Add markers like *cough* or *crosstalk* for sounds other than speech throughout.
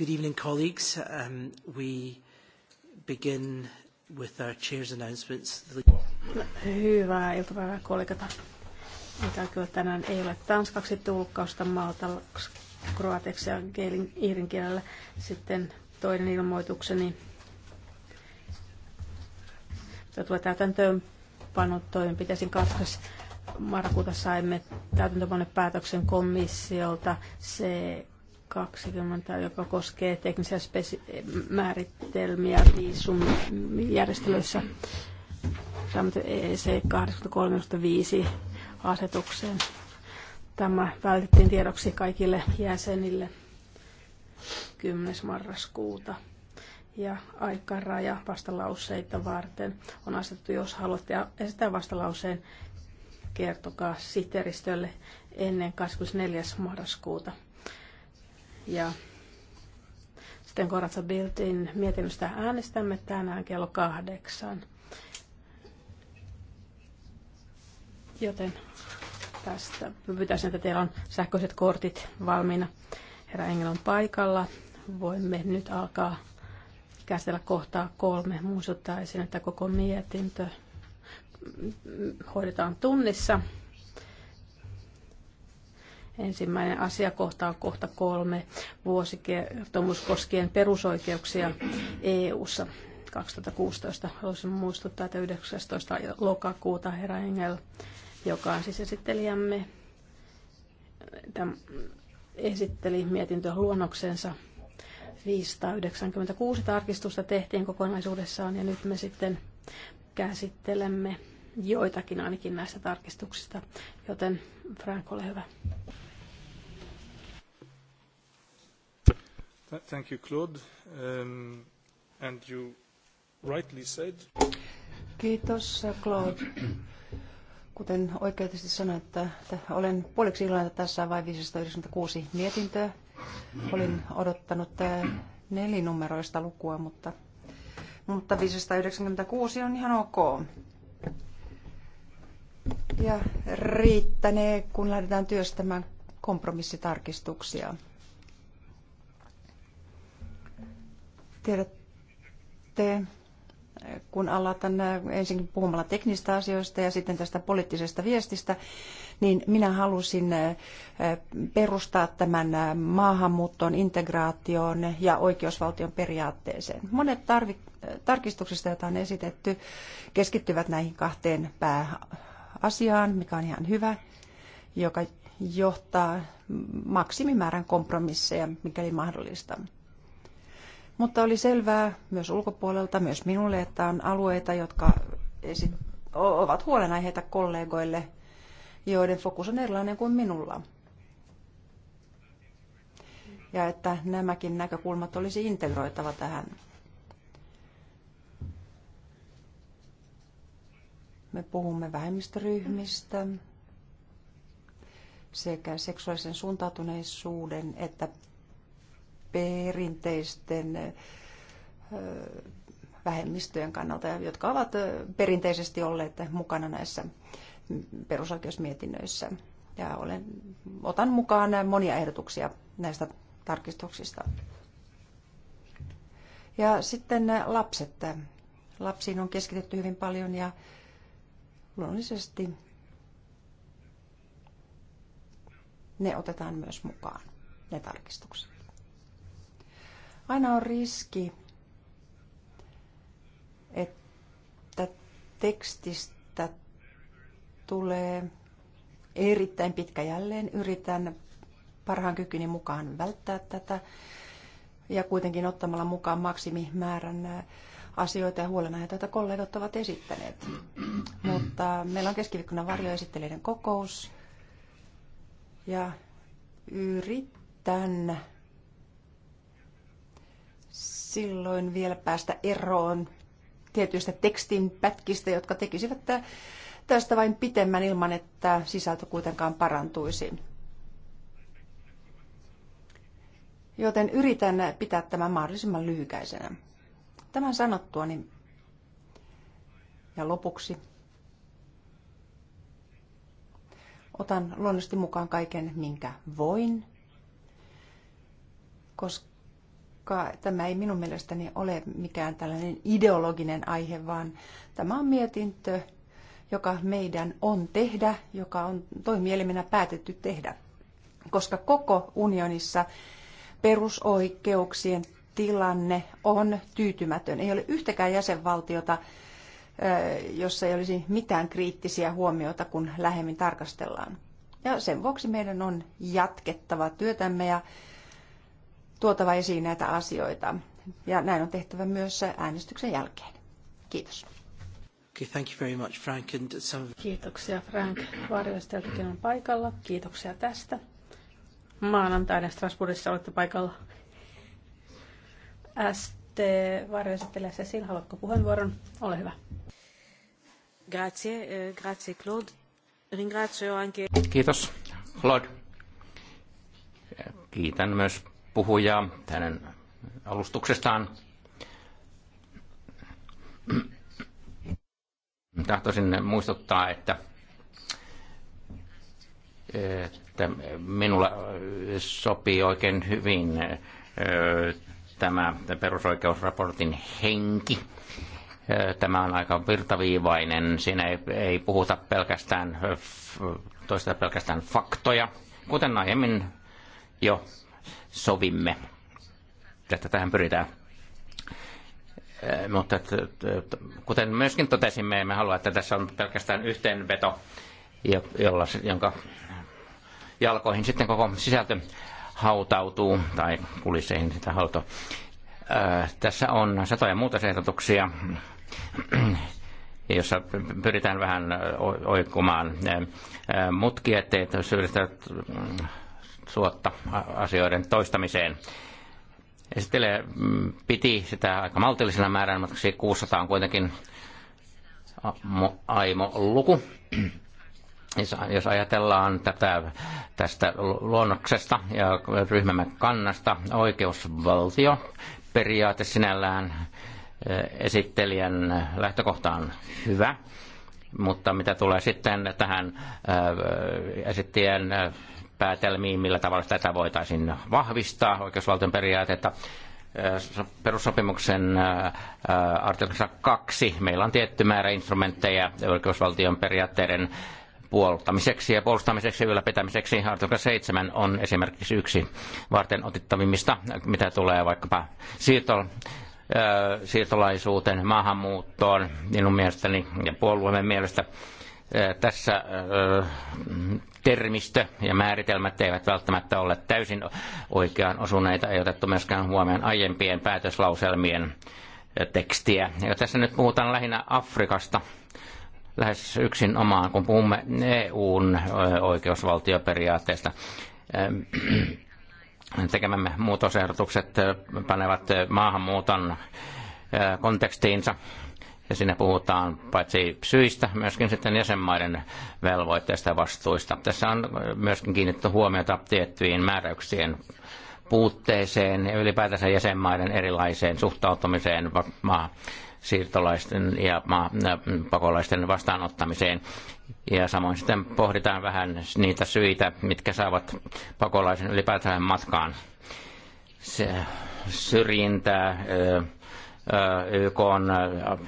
Good evening, colleagues. Um, we begin with our chair's announcements. Hyvää iltapäivää, kollegata. Mitä kyllä tänään ei ole tanskaksi tulkkausta Malta kroateksi ja keilin iirin kielellä. Sitten toinen ilmoitukseni. Tämä tulee täytäntöön panut toimenpiteisiin 2. marraskuuta saimme täytäntöönpanon komissiolta. Se 20, joka koskee teknisiä määritelmiä viisum järjestelyissä EC 83.5 asetukseen. Tämä välitettiin tiedoksi kaikille jäsenille 10. marraskuuta. Ja aikaraja vastalauseita varten on asetettu, jos haluatte esittää vastalauseen, kertokaa siteeristölle ennen 24. marraskuuta ja sitten Koratsa Biltin mietinnöstä äänestämme tänään kello kahdeksan. Joten tästä pyytäisin, että teillä on sähköiset kortit valmiina. Herra Engel on paikalla. Voimme nyt alkaa käsitellä kohtaa kolme. Muistuttaisin, että koko mietintö hoidetaan tunnissa. Ensimmäinen asiakohta on kohta kolme vuosikertomus koskien perusoikeuksia EU-ssa. 2016 haluaisin muistuttaa, että 19. lokakuuta herra Engel, joka on siis esittelijämme, esitteli mietintöä luonnoksensa. 596 tarkistusta tehtiin kokonaisuudessaan ja nyt me sitten käsittelemme joitakin ainakin näistä tarkistuksista, joten Frank, ole hyvä. thank you, Claude. Um, and you rightly said. Kiitos, Claude. Kuten oikeutisesti sanoit, että, että olen puoliksi iloinen, että tässä on vain 596 mietintöä. Olin odottanut äh, nelinumeroista lukua, mutta, mutta 596 on ihan ok. Ja riittänee, kun lähdetään työstämään kompromissitarkistuksia. Tiedätte, kun aloitan ensin puhumalla teknistä asioista ja sitten tästä poliittisesta viestistä, niin minä halusin eh, perustaa tämän eh, maahanmuuttoon, integraatioon ja oikeusvaltion periaatteeseen. Monet tarkistuksista, joita on esitetty, keskittyvät näihin kahteen pääasiaan, mikä on ihan hyvä, joka johtaa maksimimäärän kompromisseja, mikäli mahdollista. Mutta oli selvää myös ulkopuolelta, myös minulle, että on alueita, jotka ovat huolenaiheita kollegoille, joiden fokus on erilainen kuin minulla. Ja että nämäkin näkökulmat olisi integroitava tähän. Me puhumme vähemmistöryhmistä sekä seksuaalisen suuntautuneisuuden että perinteisten vähemmistöjen kannalta, jotka ovat perinteisesti olleet mukana näissä perusoikeusmietinnöissä. Ja olen, otan mukaan monia ehdotuksia näistä tarkistuksista. Ja sitten lapset. Lapsiin on keskitetty hyvin paljon ja luonnollisesti ne otetaan myös mukaan, ne tarkistukset. Aina on riski, että tekstistä tulee erittäin pitkä jälleen. Yritän parhaan kykyni mukaan välttää tätä ja kuitenkin ottamalla mukaan maksimimäärän asioita ja huolenaiheita, joita kollegat ovat esittäneet. Mutta meillä on keskiviikkona varjoesittelijöiden kokous ja yritän silloin vielä päästä eroon tietyistä tekstin pätkistä, jotka tekisivät tästä vain pitemmän ilman, että sisältö kuitenkaan parantuisi. Joten yritän pitää tämän mahdollisimman lyhykäisenä. Tämän sanottua, niin ja lopuksi otan luonnollisesti mukaan kaiken, minkä voin, koska koska tämä ei minun mielestäni ole mikään tällainen ideologinen aihe, vaan tämä on mietintö, joka meidän on tehdä, joka on toimielimenä päätetty tehdä. Koska koko unionissa perusoikeuksien tilanne on tyytymätön. Ei ole yhtäkään jäsenvaltiota, jossa ei olisi mitään kriittisiä huomioita, kun lähemmin tarkastellaan. Ja sen vuoksi meidän on jatkettava työtämme ja tuotava esiin näitä asioita. Ja näin on tehtävä myös äänestyksen jälkeen. Kiitos. Okay, thank you very much, Frank. And some... Kiitoksia Frank. Varjoisteltakin on paikalla. Kiitoksia tästä. Maanantaina Strasbourgissa olette paikalla. ST varjoistelija Cecil, haluatko puheenvuoron? Ole hyvä. Grazie, eh, grazie Claude. Ringrazio anche... Kiitos, Claude. Kiitän myös puhujaa hänen alustuksestaan. Tahtoisin muistuttaa, että, että minulla sopii oikein hyvin tämä perusoikeusraportin henki. Tämä on aika virtaviivainen. Siinä ei, ei puhuta pelkästään, toista pelkästään faktoja. Kuten aiemmin jo sovimme, että tähän pyritään. Eh, mutta kuten myöskin totesimme, emme halua, että tässä on pelkästään yhteenveto, jolla, jonka jalkoihin sitten koko sisältö hautautuu tai kulisseihin sitä hauto. Eh, tässä on satoja ehdotuksia, *clears throat* jossa pyritään vähän oikumaan eh, mutkia, ettei suotta asioiden toistamiseen. Esittelee mm, piti sitä aika maltillisena määränä, mutta 600 on kuitenkin aimo luku. Jos ajatellaan tätä, tästä luonnoksesta ja ryhmämme kannasta, oikeusvaltio, periaate sinällään e, esittelijän lähtökohta on hyvä, mutta mitä tulee sitten tähän e, esittelijän e, päätelmiin, millä tavalla tätä voitaisiin vahvistaa, oikeusvaltion periaatetta. Äh, perussopimuksen äh, äh, artiklassa kaksi meillä on tietty määrä instrumentteja oikeusvaltion periaatteiden puolustamiseksi ja puolustamiseksi ja ylläpitämiseksi. Artikla 7 on esimerkiksi yksi varten otettavimmista, mitä tulee vaikkapa siirto, siirtolaisuuteen, maahanmuuttoon, minun mielestäni ja puolueemme mielestä tässä termistö ja määritelmät eivät välttämättä ole täysin oikeaan osuneita, ei otettu myöskään huomioon aiempien päätöslauselmien tekstiä. Ja tässä nyt puhutaan lähinnä Afrikasta lähes yksin omaan, kun puhumme EUn oikeusvaltioperiaatteesta. *clears throat* Tekemämme muutosehdotukset panevat maahanmuuton kontekstiinsa ja siinä puhutaan paitsi syistä, myöskin sitten jäsenmaiden velvoitteista ja vastuista. Tässä on myöskin kiinnitetty huomiota tiettyihin määräyksien puutteeseen ja ylipäätänsä jäsenmaiden erilaiseen suhtautumiseen maa siirtolaisten ja maa, pakolaisten vastaanottamiseen. Ja samoin sitten pohditaan vähän niitä syitä, mitkä saavat pakolaisen ylipäätään matkaan. Se, syrjintää, YK on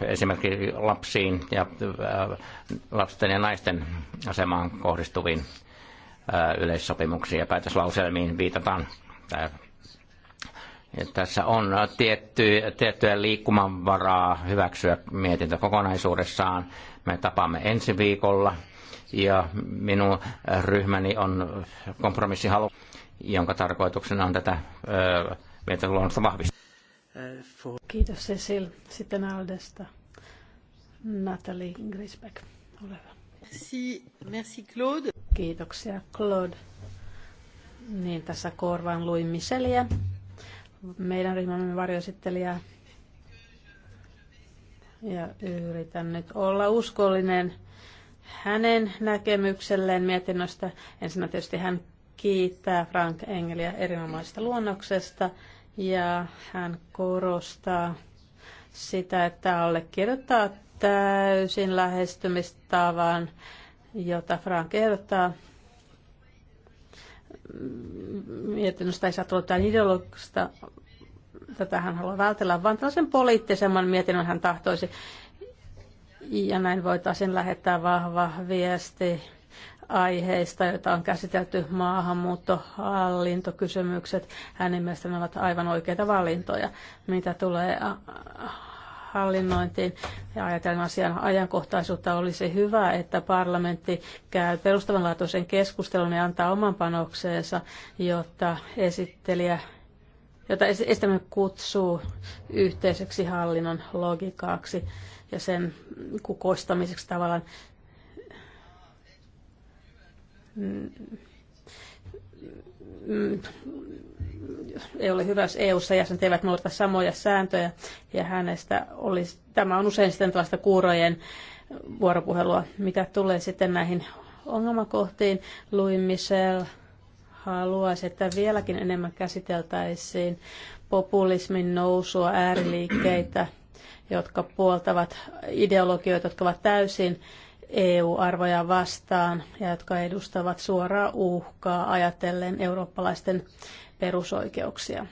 esimerkiksi lapsiin ja lasten ja naisten asemaan kohdistuviin yleissopimuksiin ja päätöslauselmiin viitataan. Tässä on tietty, tiettyä liikkumanvaraa hyväksyä mietintö kokonaisuudessaan. Me tapaamme ensi viikolla ja minun ryhmäni on kompromissihalu, jonka tarkoituksena on tätä mietintöluonnosta vahvistaa for... Kiitos Cecil. Sitten Aldesta. Natalie Grisbeck, ole hyvä. Merci, merci Claude. Kiitoksia Claude. Niin, tässä korvaan luin Micheliä, meidän ryhmämme varjoesittelijä. Ja yritän nyt olla uskollinen hänen näkemykselleen mietinnöstä. Ensinnä tietysti hän kiittää Frank Engeliä erinomaisesta luonnoksesta ja hän korostaa sitä, että allekirjoittaa täysin lähestymistavan, jota Frank ehdottaa. Mietinnöstä ei saa tulla tämän ideologista, tätä hän haluaa vältellä, vaan tällaisen poliittisemman mietinnön hän tahtoisi. Ja näin voitaisiin lähettää vahva viesti aiheista, joita on käsitelty hallintokysymykset, Hänen mielestään ovat aivan oikeita valintoja, mitä tulee hallinnointiin ja ajatellen asian ajankohtaisuutta olisi hyvä, että parlamentti käy perustavanlaatuisen keskustelun ja antaa oman panokseensa, jotta esittelijä jota estämme kutsuu yhteiseksi hallinnon logikaaksi ja sen kukoistamiseksi tavallaan. Mm, mm, ei ole hyvä, jos EU-ssa jäsenet eivät noudata samoja sääntöjä, ja hänestä olisi, tämä on usein sitten tällaista kuurojen vuoropuhelua, mitä tulee sitten näihin ongelmakohtiin. Louis Michel haluaisi, että vieläkin enemmän käsiteltäisiin populismin nousua, ääriliikkeitä, jotka puoltavat ideologioita, jotka ovat täysin EU-arvoja vastaan ja jotka edustavat suoraa uhkaa ajatellen eurooppalaisten perusoikeuksia.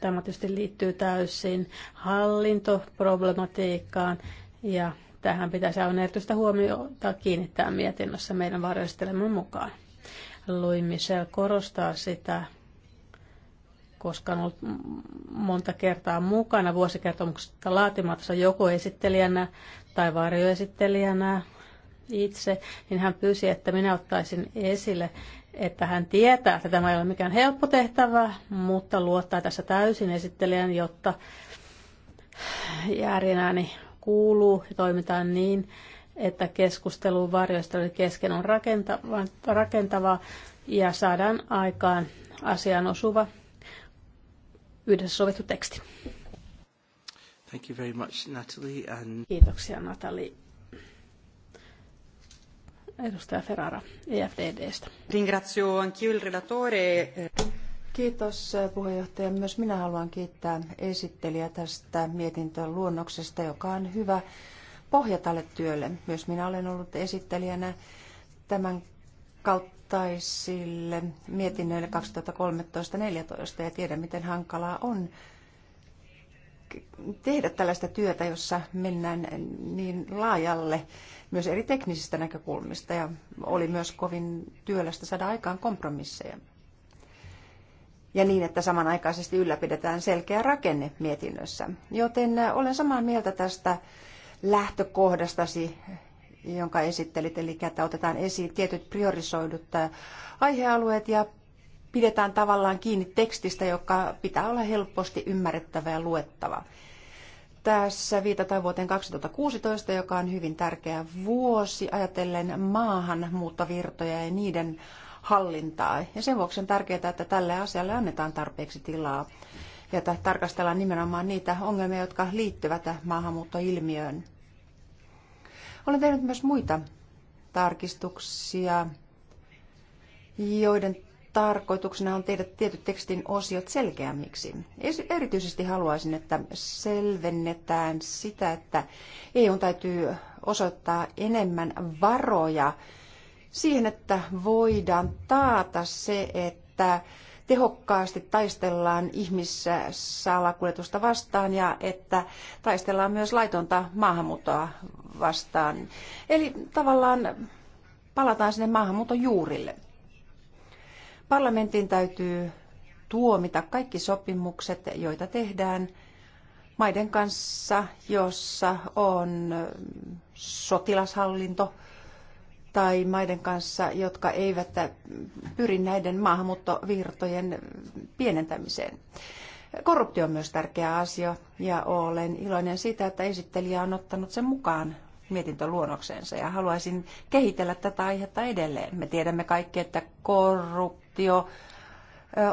Tämä tietysti liittyy täysin hallintoproblematiikkaan ja tähän pitäisi aivan erityistä huomiota kiinnittää mietinnössä meidän varjostelemme mukaan. Louis Michel korostaa sitä, koska on ollut monta kertaa mukana vuosikertomuksesta laatimatossa joko esittelijänä tai varjoesittelijänä itse, niin hän pyysi, että minä ottaisin esille, että hän tietää, että tämä ei ole mikään helppo tehtävä, mutta luottaa tässä täysin esittelijän, jotta järjenääni kuuluu ja toimitaan niin, että keskustelu varjoistelun kesken on rakentava, rakentava ja saadaan aikaan asiaan osuva yhdessä sovittu teksti. Thank you very much, Natalie, and... Kiitoksia Natalie. Edustaja Ferrara EFDDstä. Ringrazio anch'io il relatore. Eh. Kiitos eh, puheenjohtaja. Myös minä haluan kiittää esittelijä tästä mietintön luonnoksesta, joka on hyvä pohja tälle työlle. Myös minä olen ollut esittelijänä tämän kaltaisille mietinnöille 2013-2014 ja tiedän, miten hankalaa on tehdä tällaista työtä, jossa mennään niin laajalle myös eri teknisistä näkökulmista ja oli myös kovin työlästä saada aikaan kompromisseja. Ja niin, että samanaikaisesti ylläpidetään selkeä rakenne mietinnössä. Joten äh, olen samaa mieltä tästä lähtökohdastasi, jonka esittelit, eli että otetaan esiin tietyt priorisoidut äh, aihealueet ja pidetään tavallaan kiinni tekstistä, joka pitää olla helposti ymmärrettävä ja luettava. Tässä viitataan vuoteen 2016, joka on hyvin tärkeä vuosi ajatellen maahanmuuttovirtoja ja niiden hallintaa. Ja sen vuoksi on tärkeää, että tälle asialle annetaan tarpeeksi tilaa ja että tarkastellaan nimenomaan niitä ongelmia, jotka liittyvät maahanmuuttoilmiöön. Olen tehnyt myös muita tarkistuksia, joiden tarkoituksena on tehdä tietyt tekstin osiot selkeämmiksi. Erityisesti haluaisin, että selvennetään sitä, että EU täytyy osoittaa enemmän varoja siihen, että voidaan taata se, että tehokkaasti taistellaan ihmissalakuljetusta vastaan ja että taistellaan myös laitonta maahanmuuttoa vastaan. Eli tavallaan palataan sinne maahanmuuton juurille. Parlamentin täytyy tuomita kaikki sopimukset, joita tehdään maiden kanssa, jossa on sotilashallinto tai maiden kanssa, jotka eivät pyri näiden maahanmuuttovirtojen pienentämiseen. Korruptio on myös tärkeä asia ja olen iloinen siitä, että esittelijä on ottanut sen mukaan mietintöluonnokseensa ja haluaisin kehitellä tätä aihetta edelleen. Me tiedämme kaikki, että korruptio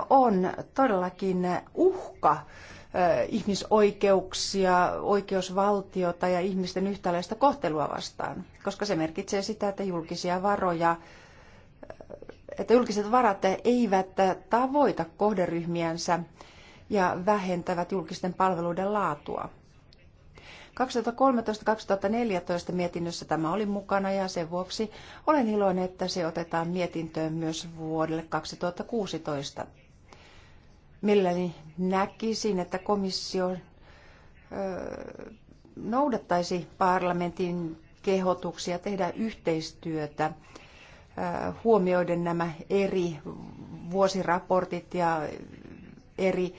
on todellakin uhka ihmisoikeuksia, oikeusvaltiota ja ihmisten yhtäläistä kohtelua vastaan, koska se merkitsee sitä, että julkisia varoja että julkiset varat eivät tavoita kohderyhmiänsä ja vähentävät julkisten palveluiden laatua. 2013-2014 mietinnössä tämä oli mukana ja sen vuoksi olen iloinen, että se otetaan mietintöön myös vuodelle 2016. Mielelläni näkisin, että komissio noudattaisi parlamentin kehotuksia tehdä yhteistyötä huomioiden nämä eri vuosiraportit ja eri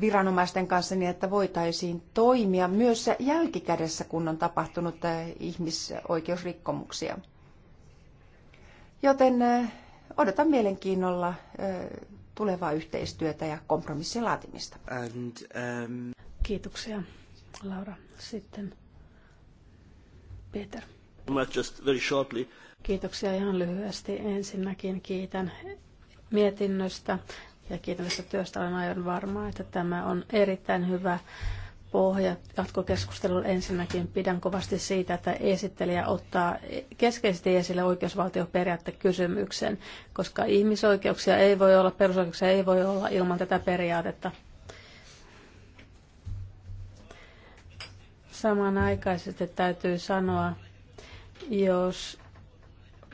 viranomaisten kanssa niin, että voitaisiin toimia myös jälkikädessä, kun on tapahtunut äh, ihmisoikeusrikkomuksia. Joten äh, odotan mielenkiinnolla äh, tulevaa yhteistyötä ja kompromissien laatimista. And, um... Kiitoksia, Laura. Sitten Peter. Just very shortly. Kiitoksia ihan lyhyesti. Ensinnäkin kiitän mietinnöstä ja kiitollisesta työstä. Olen aivan varma, että tämä on erittäin hyvä pohja jatkokeskustelulle. Ensinnäkin pidän kovasti siitä, että esittelijä ottaa keskeisesti esille kysymyksen, koska ihmisoikeuksia ei voi olla, perusoikeuksia ei voi olla ilman tätä periaatetta. Samanaikaisesti täytyy sanoa, jos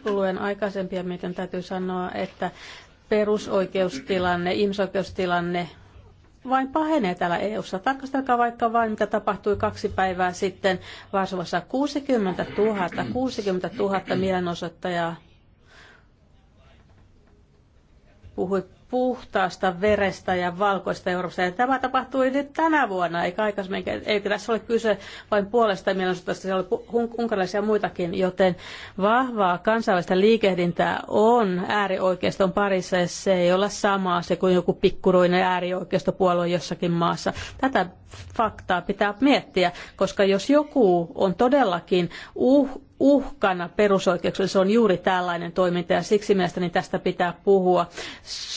luen aikaisempia, miten täytyy sanoa, että perusoikeustilanne, ihmisoikeustilanne vain pahenee täällä EU-ssa. Tarkastelkaa vaikka vain, mitä tapahtui kaksi päivää sitten Varsovassa. 60 000, 60 000 mielenosoittajaa puhui puhtaasta verestä ja valkoista Euroopasta. Ja tämä tapahtui nyt tänä vuonna, eikä aikaisemmin, eikä tässä ole kyse vain puolesta mielenosoitusta, siellä oli unkarilaisia muitakin, joten vahvaa kansainvälistä liikehdintää on äärioikeiston parissa, ja se ei ole sama se kuin joku pikkuruinen äärioikeistopuolue jossakin maassa. Tätä faktaa pitää miettiä, koska jos joku on todellakin uh, uhkana perusoikeuksille. Se on juuri tällainen toiminta ja siksi mielestäni tästä pitää puhua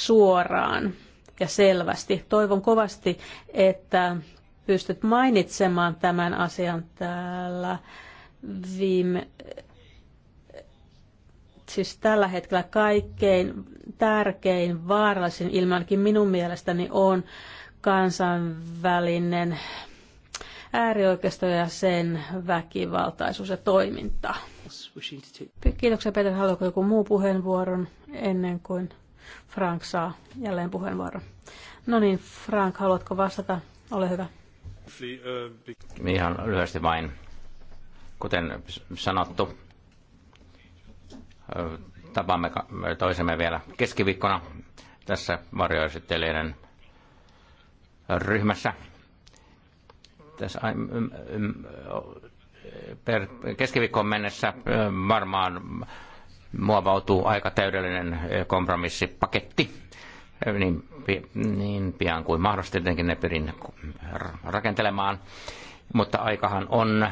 suoraan ja selvästi. Toivon kovasti, että pystyt mainitsemaan tämän asian täällä viime, siis tällä hetkellä kaikkein tärkein vaarallisin ilmiönkin minun mielestäni on kansainvälinen äärioikeisto ja sen väkivaltaisuus ja toiminta. Kiitoksia Peter. Haluatko joku muu puheenvuoron ennen kuin Frank saa jälleen puheenvuoron? No niin, Frank, haluatko vastata? Ole hyvä. Ihan lyhyesti vain. Kuten sanottu, tapaamme toisemme vielä keskiviikkona tässä varjoesittelijöiden ryhmässä tässä mm, mm, mm, per keskiviikkoon mennessä varmaan muovautuu aika täydellinen kompromissipaketti niin, niin pian kuin mahdollisesti tietenkin ne pyrin rakentelemaan. Mutta aikahan on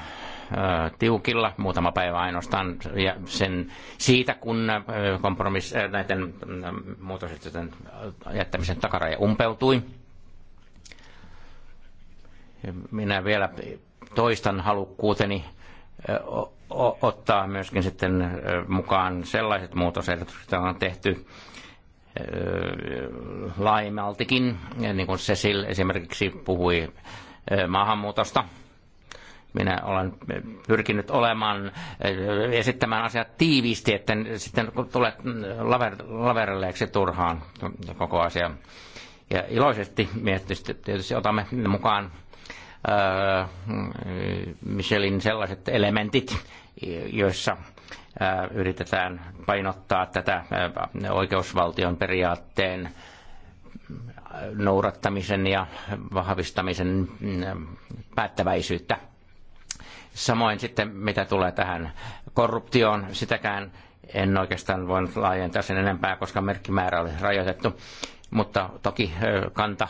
tiukilla, muutama päivä ainoastaan ja sen, siitä, kun kompromiss, näiden muutosten jättämisen takaraja umpeutui. Minä vielä toistan halukkuuteni ottaa myöskin sitten mukaan sellaiset muutosehdotukset, joita on tehty laajemmaltikin, niin kuin Cecil esimerkiksi puhui maahanmuutosta. Minä olen pyrkinyt olemaan, esittämään asiat tiiviisti, että sitten tulee laver, laverelleeksi turhaan koko asia. Ja iloisesti tietysti, tietysti otamme mukaan Öö, Michelin sellaiset elementit, joissa öö, yritetään painottaa tätä öö, oikeusvaltion periaatteen noudattamisen ja vahvistamisen päättäväisyyttä. Samoin sitten mitä tulee tähän korruptioon, sitäkään en oikeastaan voi laajentaa sen enempää, koska merkkimäärä oli rajoitettu. Mutta toki kanta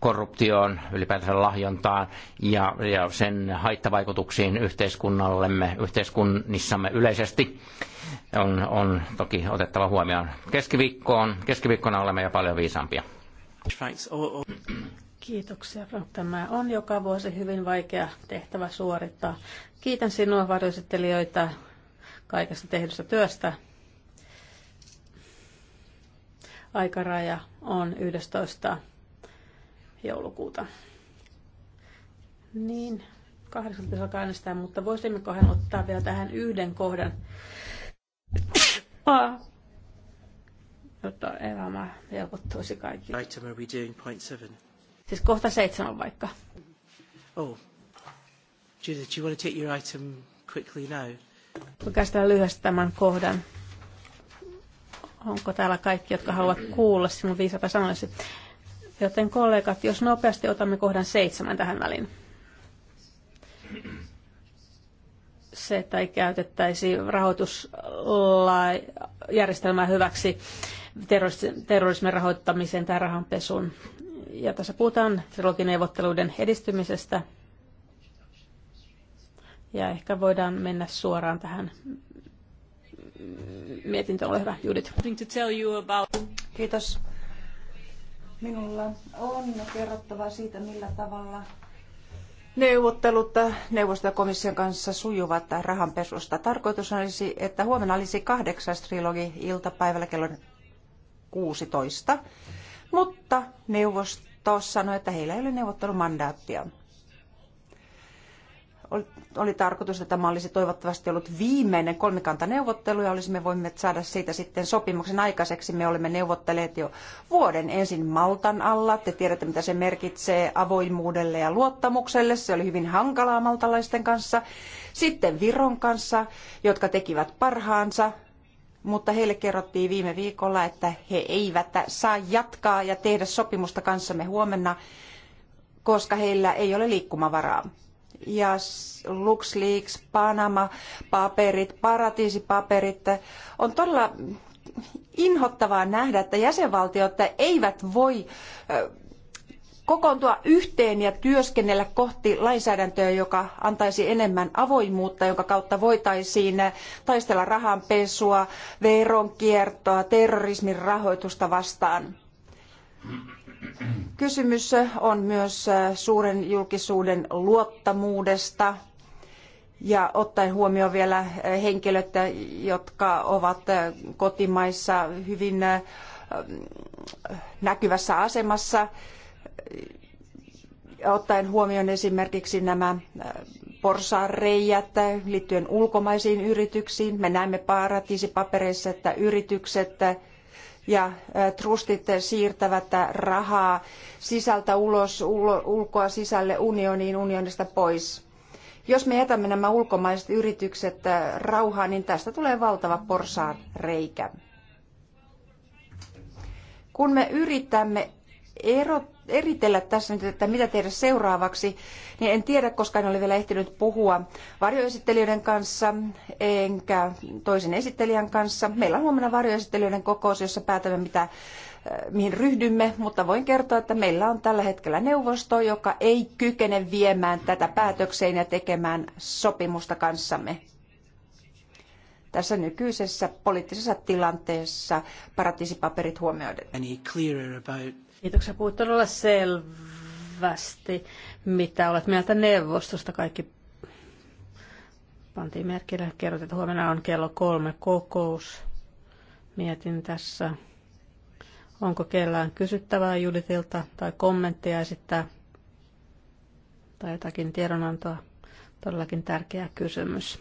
korruptioon, ylipäätään lahjontaan ja, ja sen haittavaikutuksiin yhteiskunnallemme, yhteiskunnissamme yleisesti on, on toki otettava huomioon. Keskiviikkoon, keskiviikkona olemme jo paljon viisaampia. Kiitoksia. Tämä on joka vuosi hyvin vaikea tehtävä suorittaa. Kiitän sinua varjoesittelijöitä kaikesta tehdystä työstä. Aikaraja on 11 joulukuuta. Niin, 18. alkaa äänestää, mutta voisimmekohan ottaa vielä tähän yhden kohdan, jotta elämä helpottuisi kaikille. Item are we doing point seven? Siis kohta seitsemän vaikka. Oh. Judith, do you want to take your item quickly now? Oikeastaan lyhyesti tämän kohdan. Onko täällä kaikki, jotka haluavat kuulla sinun viisata sanoisi? Joten kollegat, jos nopeasti otamme kohdan seitsemän tähän väliin. Se, että ei käytettäisi rahoitusjärjestelmää hyväksi terrorismin rahoittamiseen tai rahanpesuun. Ja tässä puhutaan trilogineuvotteluiden edistymisestä. Ja ehkä voidaan mennä suoraan tähän mietintöön. Ole hyvä, Judith. Kiitos Minulla on kerrottava siitä, millä tavalla Neuvottelut neuvostokomission kanssa sujuvat rahanpesusta. Tarkoitus olisi, että huomenna olisi kahdeksas trilogi iltapäivällä kello 16, mutta neuvosto sanoi, että heillä ei ole neuvottelumandaattia oli, oli tarkoitus, että tämä olisi toivottavasti ollut viimeinen kolmikantaneuvottelu ja olisimme voineet saada siitä sitten sopimuksen aikaiseksi. Me olemme neuvotteleet jo vuoden ensin Maltan alla. Te tiedätte, mitä se merkitsee avoimuudelle ja luottamukselle. Se oli hyvin hankalaa maltalaisten kanssa. Sitten Viron kanssa, jotka tekivät parhaansa. Mutta heille kerrottiin viime viikolla, että he eivät saa jatkaa ja tehdä sopimusta kanssamme huomenna, koska heillä ei ole liikkumavaraa ja LuxLeaks, Panama, paperit, paratiisipaperit. On todella inhottavaa nähdä, että jäsenvaltiot eivät voi kokoontua yhteen ja työskennellä kohti lainsäädäntöä, joka antaisi enemmän avoimuutta, jonka kautta voitaisiin taistella rahanpesua, veronkiertoa, terrorismin rahoitusta vastaan. Kysymys on myös äh, suuren julkisuuden luottamuudesta ja ottaen huomioon vielä äh, henkilöt, äh, jotka ovat kotimaissa hyvin näkyvässä asemassa, ottaen huomioon esimerkiksi nämä porsaanreijät liittyen ulkomaisiin yrityksiin. Me näemme paratiisipapereissa, että yritykset ja trustit siirtävät rahaa sisältä ulos, ulkoa sisälle unioniin, unionista pois. Jos me jätämme nämä ulkomaiset yritykset rauhaan, niin tästä tulee valtava porsaan reikä. Kun me yritämme erottaa eritellä tässä nyt, että mitä tehdä seuraavaksi, niin en tiedä, koska en ole vielä ehtinyt puhua varjoesittelijöiden kanssa enkä toisen esittelijän kanssa. Meillä on huomenna varjoesittelijöiden kokous, jossa päätämme, mitä, eh, mihin ryhdymme, mutta voin kertoa, että meillä on tällä hetkellä neuvosto, joka ei kykene viemään tätä päätökseen ja tekemään sopimusta kanssamme tässä nykyisessä poliittisessa tilanteessa paratiisipaperit huomioiden. Any Kiitoksia. Puhut todella selvästi, mitä olet mieltä neuvostosta. Kaikki pantiin merkille. Kerrot, että huomenna on kello kolme kokous. Mietin tässä, onko kellään kysyttävää Juditilta tai kommenttia esittää tai jotakin tiedonantoa. Todellakin tärkeä kysymys.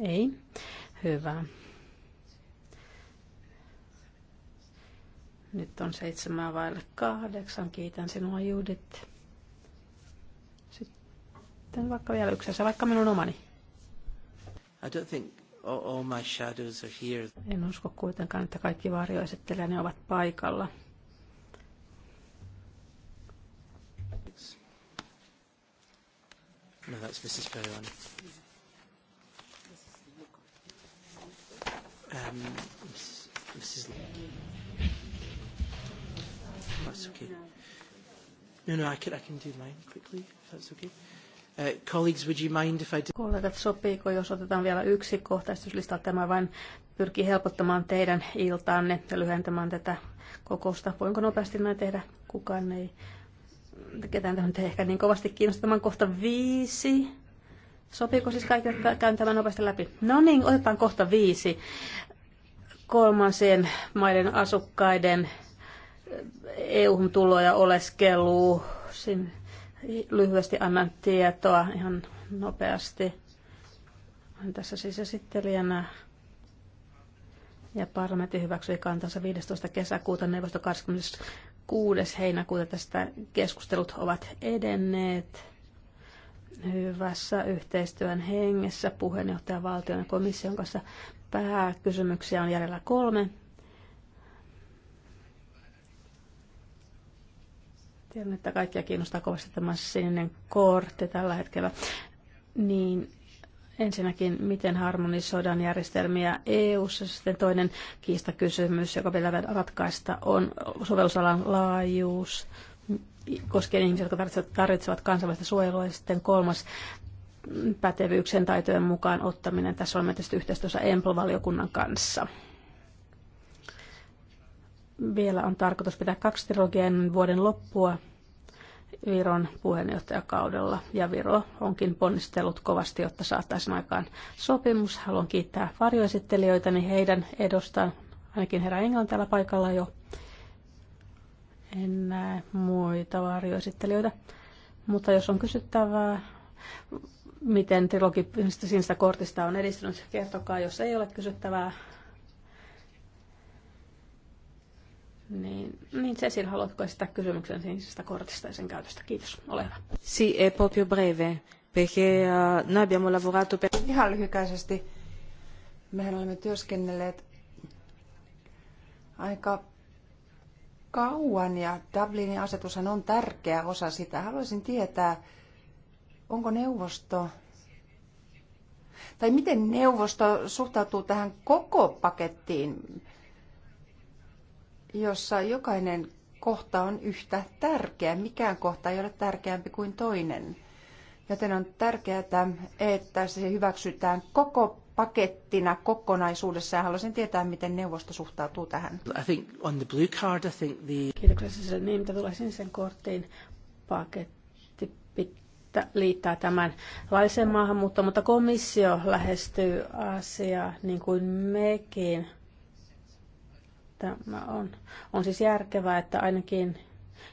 Ei. Hyvä. Nyt on seitsemän vaille kahdeksan. Kiitän sinua, Judit. Sitten vaikka vielä yksi asia, vaikka minun omani. I don't think all my shadows are here. En usko kuitenkaan, että kaikki varjoesittelijäni ovat paikalla. No, that's Mrs. Perron. Um, Mrs. Mrs. That's okay. No, no, I can, I can do mine quickly, if that's okay. Uh, Kollegat, sopiiko, jos otetaan vielä yksi kohtaistuslista? Tämä vain pyrkii helpottamaan teidän iltaanne ja lyhentämään tätä kokousta. Voinko nopeasti näin tehdä? Kukaan ei ketään tähän nyt ehkä niin kovasti kiinnostamaan kohta viisi. Sopiiko siis kaikille, käyn tämän nopeasti läpi? No niin, otetaan kohta viisi. Kolmansien maiden asukkaiden eu tuloja oleskeluu. Sin, lyhyesti annan tietoa ihan nopeasti. Olen tässä siis esittelijänä. Ja parlamentti hyväksyi kantansa 15. kesäkuuta neuvosto 26. heinäkuuta tästä keskustelut ovat edenneet hyvässä yhteistyön hengessä puheenjohtajan valtion ja komission kanssa. Pääkysymyksiä on jäljellä kolme. Tiedän, että kaikkia kiinnostaa kovasti tämä sininen kortti tällä hetkellä. Niin ensinnäkin, miten harmonisoidaan järjestelmiä EU-ssa. Sitten toinen kiistakysymys, joka vielä ratkaista, on sovellusalan laajuus koskien ihmisiä, jotka tarvitsevat kansainvälistä suojelua. Ja sitten kolmas pätevyyksen taitojen mukaan ottaminen. Tässä on tietysti yhteistyössä EMPL-valiokunnan kanssa. Vielä on tarkoitus pitää kaksi trilogiaa ennen vuoden loppua Viron puheenjohtajakaudella. Ja Viro onkin ponnistellut kovasti, jotta saataisiin aikaan sopimus. Haluan kiittää varjoesittelijöitäni heidän edostaan. Ainakin herra Englann täällä paikalla jo. En näe muita varjoesittelijöitä. Mutta jos on kysyttävää, miten trilogi sinistä kortista on edistynyt, kertokaa, jos ei ole kysyttävää. Niin, niin Cecil, haluatko esittää kysymyksen sinisestä kortista ja sen käytöstä? Kiitos, ole hyvä. Si, è e, proprio breve, perché eh, noi abbiamo lavorato per... Ihan lyhykäisesti. Mehän olemme työskennelleet aika kauan ja Dublinin asetushan on tärkeä osa sitä. Haluaisin tietää, onko neuvosto tai miten neuvosto suhtautuu tähän koko pakettiin? jossa jokainen kohta on yhtä tärkeä. Mikään kohta ei ole tärkeämpi kuin toinen. Joten on tärkeää, että se hyväksytään koko pakettina kokonaisuudessaan. Haluaisin tietää, miten neuvosto suhtautuu tähän. I think on the blue card, I think the... Kiitoksia sen niin, mitä tulee sen korttiin. Paketti pitää, liittää tämän laisen maahanmuuttoon, mutta komissio lähestyy asiaa niin kuin mekin – Tämä on, on siis järkevää, että ainakin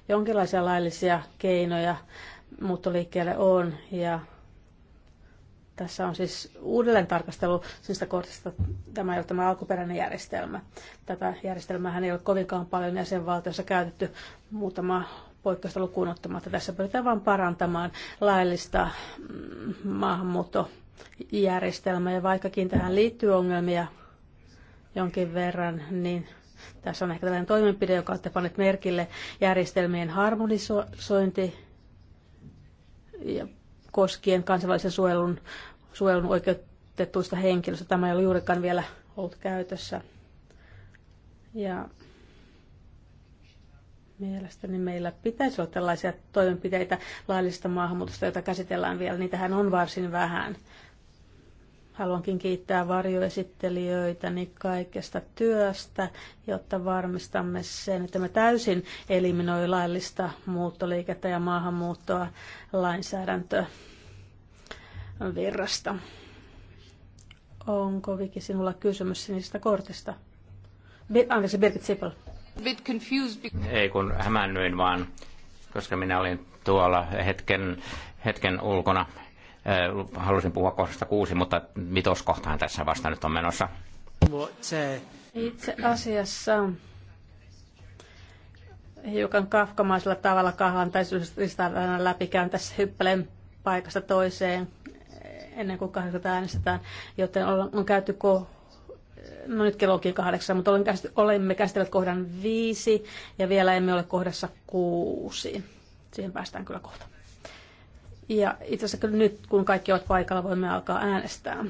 jonkinlaisia laillisia keinoja muuttoliikkeelle on ja tässä on siis uudelleen tarkastelu siitä kohdasta, tämä ei ole tämä alkuperäinen järjestelmä. Tätä järjestelmää ei ole kovinkaan paljon jäsenvaltiossa käytetty muutama poikkeusta lukuun ottamatta. Tässä pyritään vain parantamaan laillista mm, maahanmuuttojärjestelmää ja vaikkakin tähän liittyy ongelmia jonkin verran, niin tässä on ehkä tällainen toimenpide, joka olette panneet merkille, järjestelmien harmonisointi ja koskien kansainvälisen suojelun, suojelun oikeutetuista henkilöistä. Tämä ei ole juurikaan vielä ollut käytössä. Ja mielestäni meillä pitäisi olla tällaisia toimenpiteitä laillista maahanmuutosta, joita käsitellään vielä. Niitähän on varsin vähän. Haluankin kiittää niin kaikesta työstä, jotta varmistamme sen, että me täysin eliminoi laillista muuttoliikettä ja maahanmuuttoa lainsäädäntövirrasta. virrasta. Onko Viki sinulla kysymys sinistä kortista? Anteeksi, Birgit Sipel. Bit confused Ei kun hämännyin vaan, koska minä olin tuolla hetken, hetken ulkona Äh, halusin puhua kohdasta kuusi, mutta mitoskohtaan tässä vasta nyt on menossa. Itse asiassa hiukan kafkamaisella tavalla kahlan tai syysristavana läpikään tässä hyppelen paikasta toiseen ennen kuin 80 äänestetään, joten on käyty ko- no nyt kello onkin kahdeksan, mutta olemme käsitelleet kohdan viisi ja vielä emme ole kohdassa kuusi. Siihen päästään kyllä kohta. Ja itse asiassa nyt, kun kaikki ovat paikalla, voimme alkaa äänestää.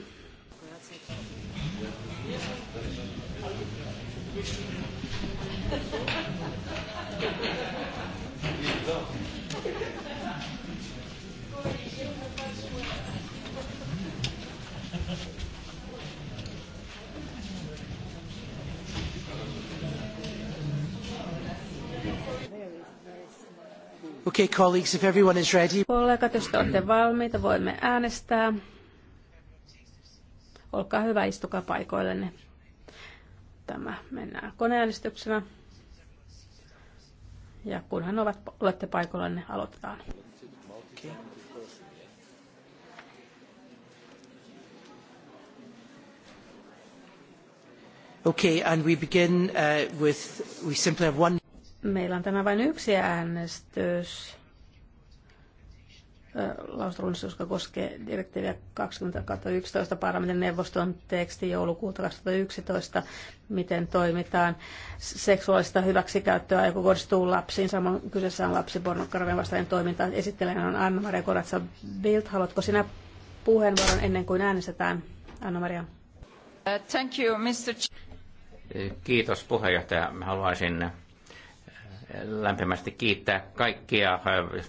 Okay, colleagues, if everyone is ready. Kollegat, jos te olette valmiita, voimme äänestää. Olkaa hyvä, istukaa paikoillenne. Tämä mennään koneäänestyksenä. Ja kunhan ovat, olette paikoillanne, niin aloitetaan. Okay. Okay, and we begin uh, with, we simply have one. Meillä on tämä vain yksi äänestys lausunnossa, joka koskee direktiiviä 20.11 parlamentin neuvoston teksti joulukuuta 2011, miten toimitaan seksuaalista hyväksikäyttöä, joka kohdistuu lapsiin. Samoin kyseessä on lapsipornokarven vastainen toiminta. Esittelen on Anna-Maria Koratsa Bild. Haluatko sinä puheenvuoron ennen kuin äänestetään, Anna-Maria? Uh, thank you, Mr. Kiitos puheenjohtaja. haluaisin lämpimästi kiittää kaikkia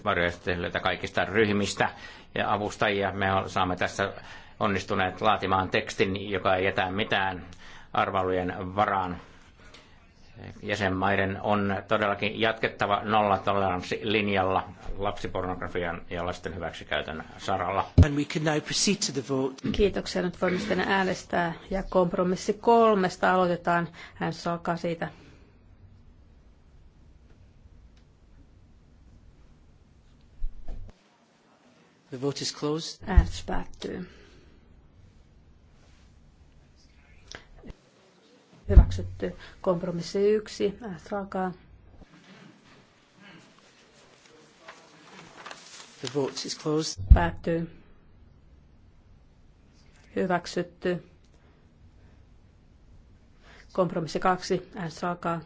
varjoistelijoita kaikista ryhmistä ja avustajia. Me saamme tässä onnistuneet laatimaan tekstin, joka ei jätä mitään arvailujen varaan. Jäsenmaiden on todellakin jatkettava nollatoleranssilinjalla lapsipornografian ja lasten hyväksikäytön saralla. Kiitoksia. Nyt voimme sitten äänestää ja kompromissi kolmesta aloitetaan. Hän alkaa siitä. The vote is closed. Äänestys päättyy. Hyväksytty. Kompromissi yksi. Äänestys alkaa. The vote is closed. Päättyy. Hyväksytty. Kompromissi kaksi. Äänestys alkaa.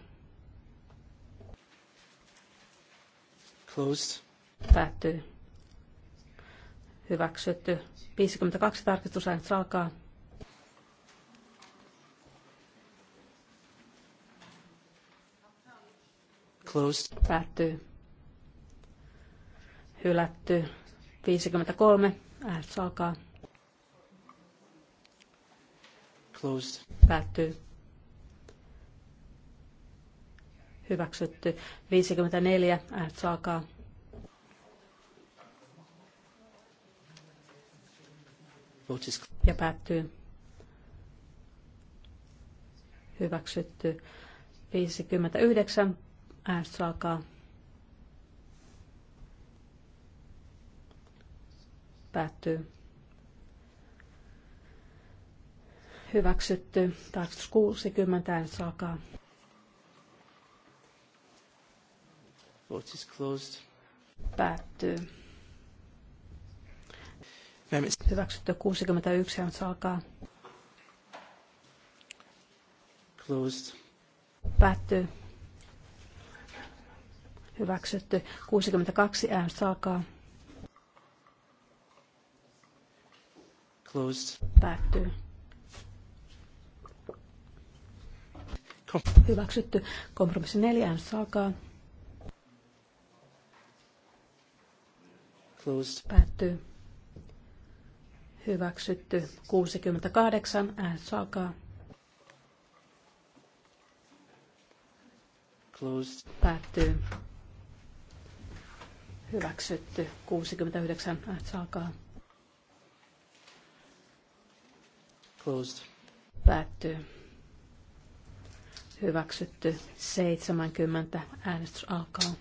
Closed. Päättyy hyväksytty. 52 tarkistusäänestys alkaa. Closed. Päättyy. Hylätty. 53. Äänestys alkaa. Closed. Päättyy. Hyväksytty. 54. Äänestys alkaa. Vote is... Ja päättyy. Hyväksytty. 59. Äänestys alkaa. Päättyy. Hyväksytty. Tarkistus 60. Äänestys alkaa. Vote is closed. Päättyy Hyväksytty 61, äänestys alkaa. Closed. Päättyy. Hyväksytty 62, äänestys alkaa. Closed. Päättyy. Hyväksytty. Kompromissi 4, äänestys alkaa. Closed. Päättyy. Hyväksytty 68. Äänestys alkaa. Closed. Päättyy. Hyväksytty 69. Äänestys alkaa. Closed. Päättyy. Hyväksytty 70. Äänestys alkaa.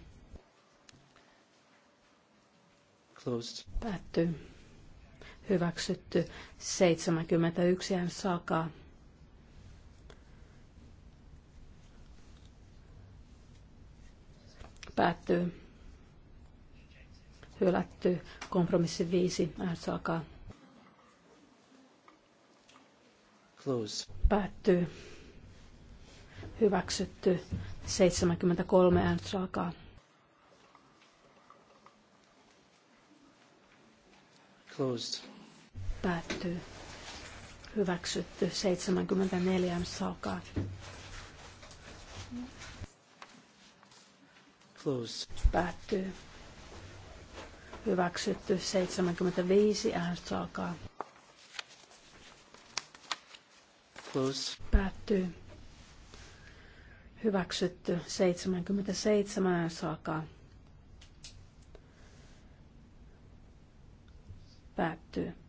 Closed. Päättyy hyväksytty 71 hän Päättyy. Hylätty kompromissi 5 hän Close. Päättyy. Hyväksytty 73 hän saakaa. Closed Päättyy. Hyväksytty. 74 alkaa. Close. Päättyy. Hyväksytty. 75 äänestys alkaa. Close. Päättyy. Hyväksytty. 77 äänestys alkaa. päättyy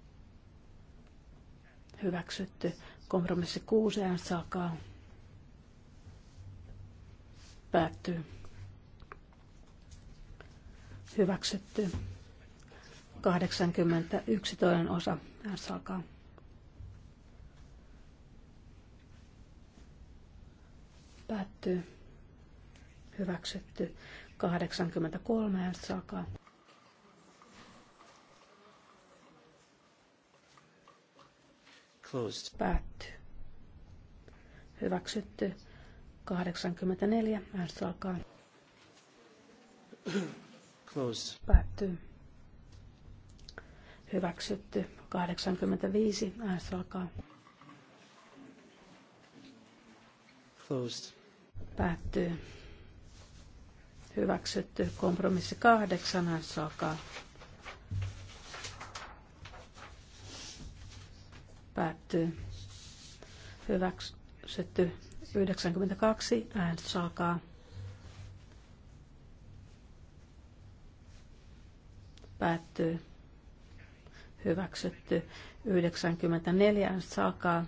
hyväksytty. Kompromissi kuuseen äänestys Päättyy. Hyväksytty. 81 toinen osa äänestys Päättyy. Hyväksytty. 83 saakaa. Closed. Päätty. Hyväksytty. 84. Äänestys alkaa. Closed. Päätty. Hyväksytty. 85. Äänestys alkaa. Closed. Päättyy. Hyväksytty. Kompromissi kahdeksan. Äänestys alkaa. Päättyy. Hyväksytty 92. Äänestys alkaa. Päättyy. Hyväksytty 94. Äänestys alkaa.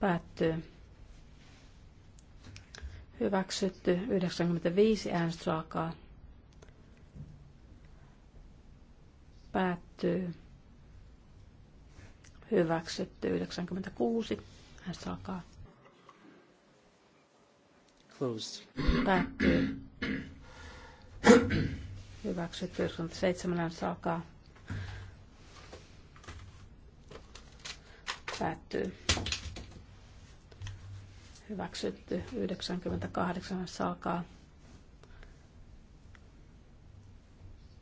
Päättyy. Hyväksytty 95. Äänestys alkaa. Päättyy. Hyväksytty 96. Hän alkaa. Closed. Päättyy. *coughs* Hyväksytty 97. Hän alkaa. Päättyy. Hyväksytty 98. Hän alkaa.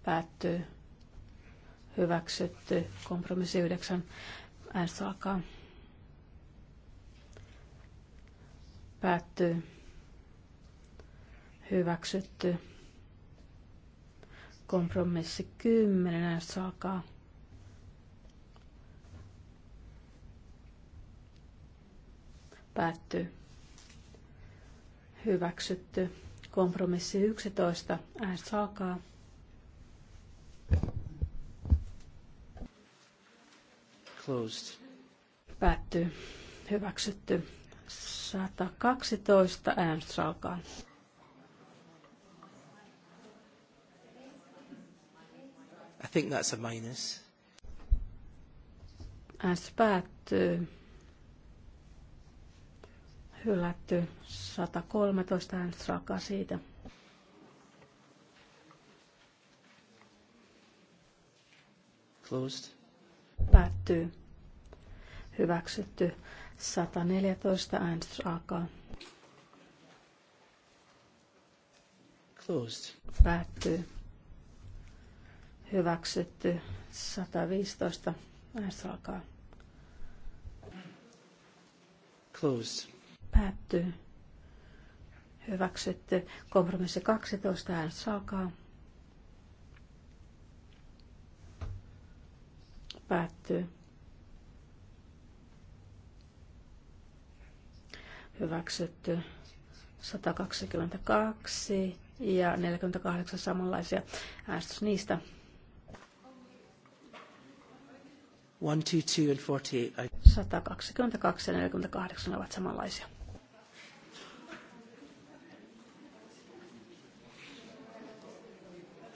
Päättyy hyväksytty. Kompromissi 9. Äänestys alkaa. Päättyy. Hyväksytty. Kompromissi 10. Äänestys alkaa. Päättyy. Hyväksytty. Kompromissi 11. Äänestys alkaa. Closed. Päätty. Hyväksytty. 112. Äänestys alkaa. I think that's a minus. Äänestys päättyy. Hylätty. 113. Äänestys alkaa siitä. Closed Päättyy. Hyväksytty. 114 äänestys alkaa. Closed. Päättyy. Hyväksytty. 115 äänestys alkaa. Closed. Päättyy. Hyväksytty. Kompromissi 12 äänestys alkaa. Päättyy. Hyväksytty. 122 ja 48 samanlaisia. Äänestys niistä. 122 48. 122 ja 48 ovat samanlaisia.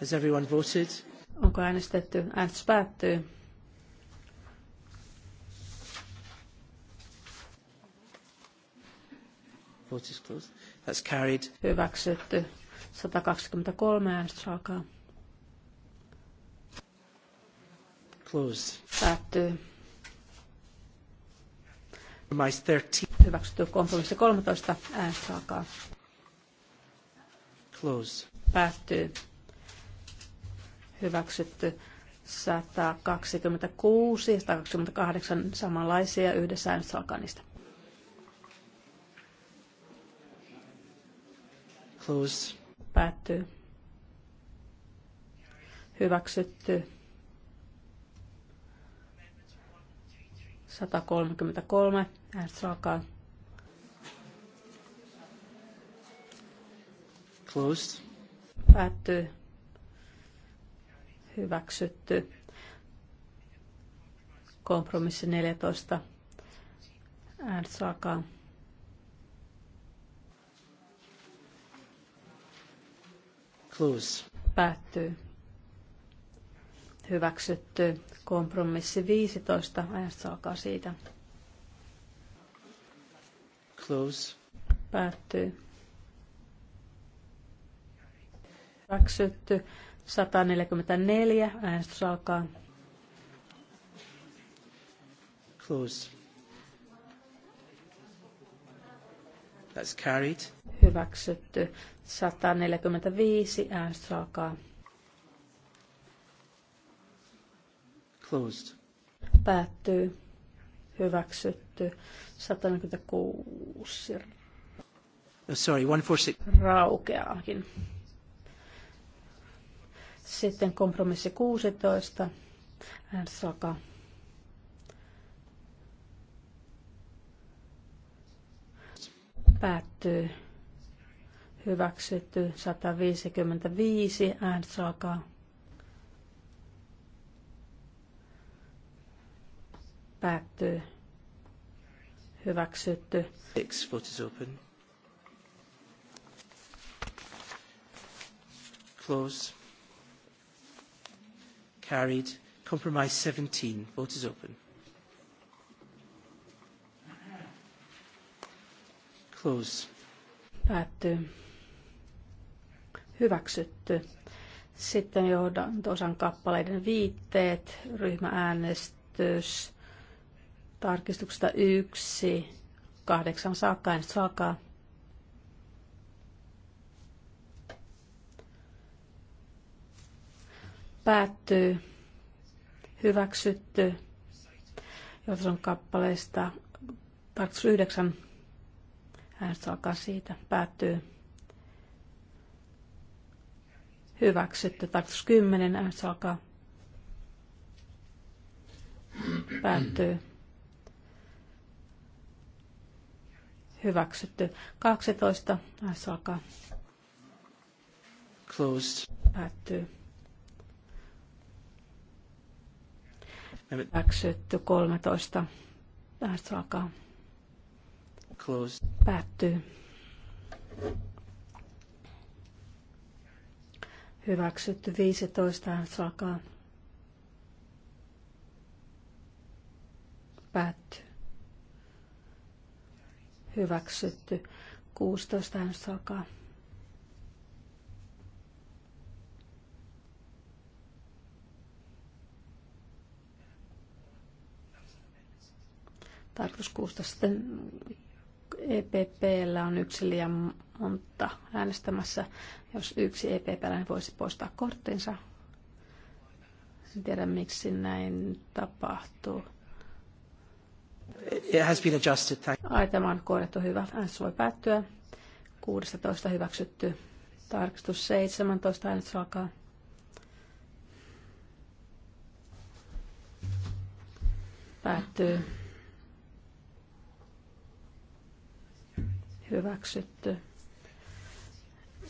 Has everyone voted? Onko äänestetty? Äänestys päättyy. That's carried. Hyväksytty. 123 äänestys alkaa. Closed. Päättyy. Compromise 13. Hyväksytty kompromissi 13. Äänestys alkaa. Closed. Päättyy. Hyväksytty. 126 ja 128 samanlaisia yhdessä äänestys alkaa niistä. Closed. Päättyy. Hyväksytty. 133. Äänestys alkaa. Closed. Päättyy. Hyväksytty. Kompromissi 14. Äänestys alkaa. Close. Päättyy. Hyväksytty. Kompromissi 15. Äänestys alkaa siitä. Close. Päättyy. Hyväksytty. 144. Äänestys alkaa. Close. That's carried. Hyväksytty. 145 äänestys alkaa. Closed. Päättyy. Hyväksytty. 146. Oh, sorry, 146. Raukeaakin. Sitten kompromissi 16. Äänestys alkaa. Päättyy. Hyväksytty 155. äänsaakaa. Päättyy. Hyväksytty. Six foot is open. Close. Carried. Compromise 17. Vote is open. Close. Päättyy hyväksytty. Sitten johdantosan kappaleiden viitteet, ryhmääänestys, tarkistuksesta yksi, kahdeksan saakka, äänestys alkaa. Päättyy, hyväksytty, johdantosan kappaleista tarkistus yhdeksän, äänestys alkaa siitä, päättyy hyväksytty. Tarkoitus 10, äänestys alkaa. Päättyy. Hyväksytty. 12, äänestys alkaa. Closed. Päättyy. Hyväksytty 13. Äänestys alkaa. Closed. Päättyy. Hyväksytty 15. sakaa. Päätty. Hyväksytty 16. sakaa. Tarkoitus 16. Sitten EPPllä on yksi liian monta äänestämässä, jos yksi ep läinen voisi poistaa korttinsa. En tiedä, miksi näin tapahtuu. It has been adjusted. Ai, tämä on korjattu hyvä. Äänestys voi päättyä. 16 hyväksytty. Tarkistus 17. Äänestys alkaa. Päättyy. Hyväksytty.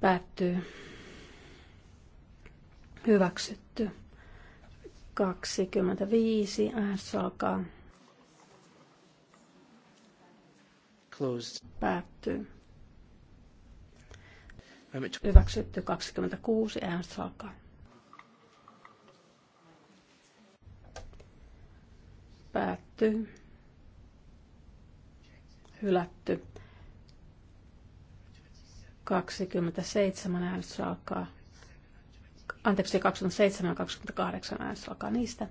Päättyy. Hyväksytty. 25. S alkaa. Closed. Päättyy. Hyväksytty 26. Äänestys alkaa. Päättyy. Hylätty. 27 äänestys alkaa. Anteeksi, 27 ja 28 äänestys alkaa niistä.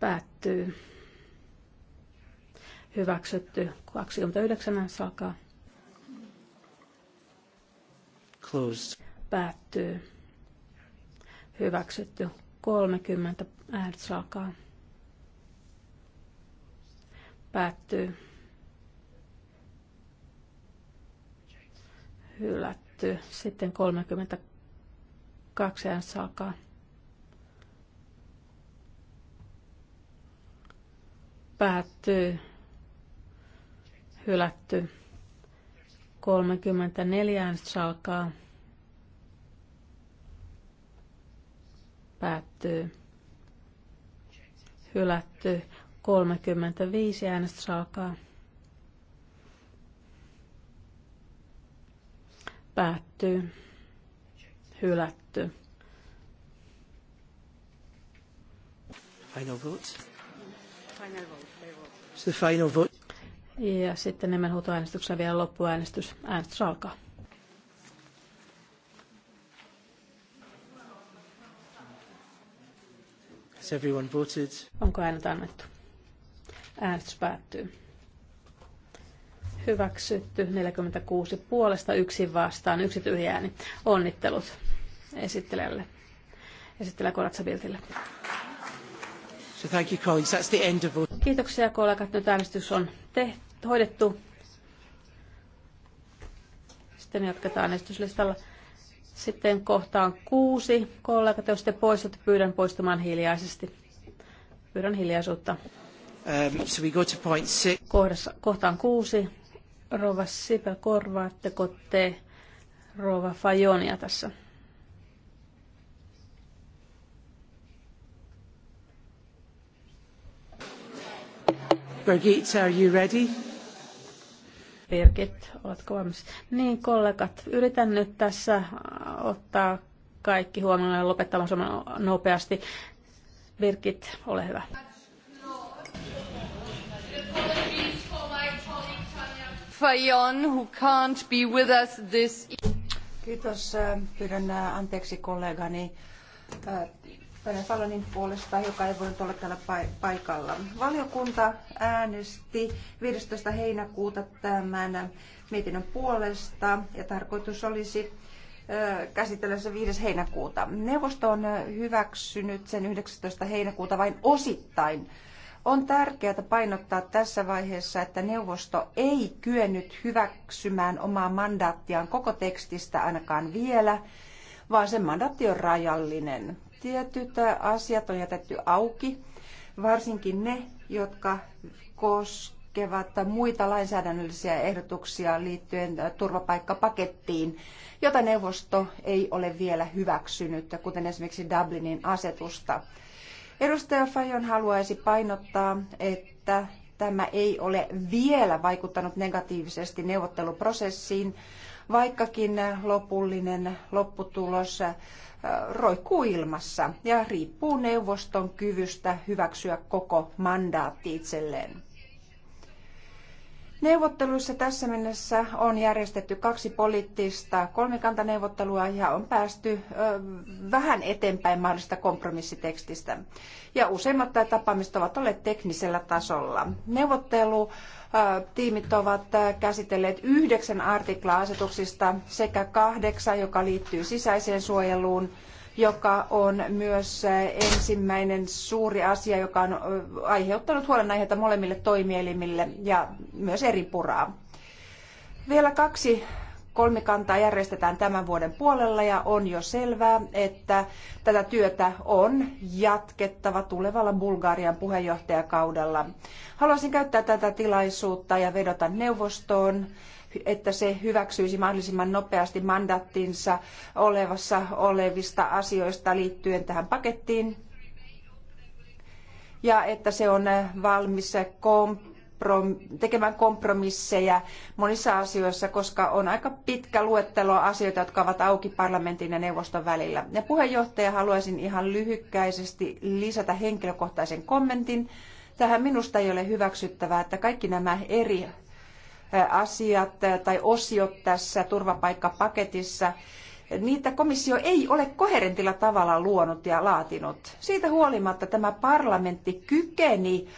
Päättyy. Hyväksytty. 29 äänestys alkaa. Closed. Päättyy. Hyväksytty. 30 äänestys alkaa. Päättyy hylätty. Sitten 32 ajan alkaa. Päättyy. Hylätty. 34 ajan alkaa. Päättyy. Hylätty. 35 äänestä saakaa. Päättyy. Hylätty. Final vote. Final vote. the final vote. Ja sitten huutoäänestyksen vielä loppuäänestys. Äänestys alkaa. Has everyone voted? Onko äänet annettu? Äänestys päättyy. Hyväksytty 46 puolesta, yksi vastaan, yksi tyhjääni. Onnittelut esittelijälle, esittelijä Koratsabiltille. So thank you, colleagues. That's the end of... Kiitoksia kollegat. Nyt äänestys on tehty, hoidettu. Sitten jatketaan äänestyslistalla. Sitten kohtaan kuusi. Kollegat, jos te poistutte, pyydän poistumaan hiljaisesti. Pyydän hiljaisuutta. Um, so we go to point six. Kohdassa, kohtaan kuusi. Rova Sipel, korvaatteko te Rova Fajonia tässä? Birgit, are you ready? Birgit, oletko valmis? Niin kollegat, yritän nyt tässä ottaa kaikki huomioon ja lopettamaan nopeasti. Birgit, ole hyvä. Fajon, who can't be with us this Kiitos. Pyydän äh, anteeksi kollegani äh, Pene Salonin puolesta, joka ei voinut olla täällä paikalla. Valiokunta äänesti 15. heinäkuuta tämän mietinnön puolesta ja tarkoitus olisi äh, käsitellä se 5. heinäkuuta. Neuvosto on hyväksynyt sen 19. heinäkuuta vain osittain on tärkeää painottaa tässä vaiheessa, että neuvosto ei kyennyt hyväksymään omaa mandaattiaan koko tekstistä ainakaan vielä, vaan se mandaatti on rajallinen. Tietyt asiat on jätetty auki, varsinkin ne, jotka koskevat muita lainsäädännöllisiä ehdotuksia liittyen turvapaikkapakettiin, jota neuvosto ei ole vielä hyväksynyt, kuten esimerkiksi Dublinin asetusta. Edustaja Fajon haluaisi painottaa, että tämä ei ole vielä vaikuttanut negatiivisesti neuvotteluprosessiin, vaikkakin lopullinen lopputulos äh, roikkuu ilmassa ja riippuu neuvoston kyvystä hyväksyä koko mandaatti itselleen. Neuvotteluissa tässä mennessä on järjestetty kaksi poliittista kolmikantaneuvottelua ja on päästy vähän eteenpäin mahdollisesta kompromissitekstistä. Ja useimmat tapaamiset ovat olleet teknisellä tasolla. Neuvottelutiimit ovat käsitelleet yhdeksän artikla asetuksista sekä kahdeksan, joka liittyy sisäiseen suojeluun, joka on myös eh, ensimmäinen suuri asia, joka on eh, aiheuttanut huolenaiheita molemmille toimielimille ja myös eri puraa. Vielä kaksi kolmikantaa järjestetään tämän vuoden puolella ja on jo selvää, että tätä työtä on jatkettava tulevalla Bulgarian puheenjohtajakaudella. Haluaisin käyttää tätä tilaisuutta ja vedota neuvostoon että se hyväksyisi mahdollisimman nopeasti mandattinsa olevassa olevista asioista liittyen tähän pakettiin ja että se on valmis tekemään kompromisseja monissa asioissa, koska on aika pitkä luettelo asioita, jotka ovat auki parlamentin ja neuvoston välillä. Ja puheenjohtaja haluaisin ihan lyhykkäisesti lisätä henkilökohtaisen kommentin. Tähän minusta ei ole hyväksyttävää, että kaikki nämä eri asiat tai osiot tässä turvapaikkapaketissa, niitä komissio ei ole koherentilla tavalla luonut ja laatinut. Siitä huolimatta tämä parlamentti kykeni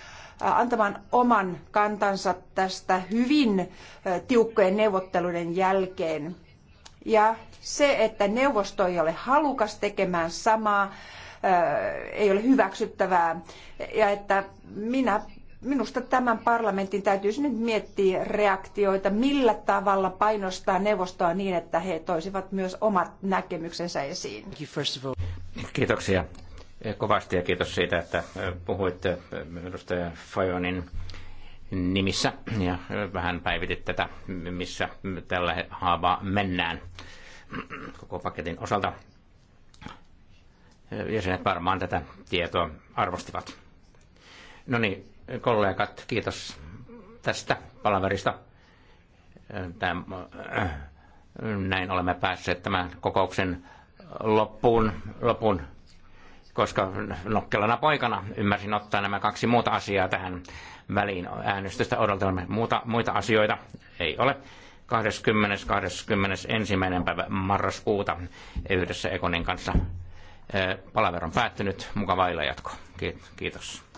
antamaan oman kantansa tästä hyvin tiukkojen neuvotteluiden jälkeen. Ja se, että neuvosto ei ole halukas tekemään samaa, ei ole hyväksyttävää ja että minä minusta tämän parlamentin täytyisi nyt miettiä reaktioita, millä tavalla painostaa neuvostoa niin, että he toisivat myös omat näkemyksensä esiin. Kiitoksia kovasti ja kiitos siitä, että puhuitte edustaja Fajonin nimissä ja vähän päivitit tätä, missä tällä haavaa mennään koko paketin osalta. Jäsenet varmaan tätä tietoa arvostivat. No niin, kollegat, kiitos tästä palaverista. Tämä, näin olemme päässeet tämän kokouksen loppuun, loppuun koska nokkelana poikana ymmärsin ottaa nämä kaksi muuta asiaa tähän väliin äänestystä odotelemme. Muuta, muita asioita ei ole. 20. 21. päivä marraskuuta yhdessä Ekonin kanssa. Palaver on päättynyt. Mukavaa jatko. Kiitos.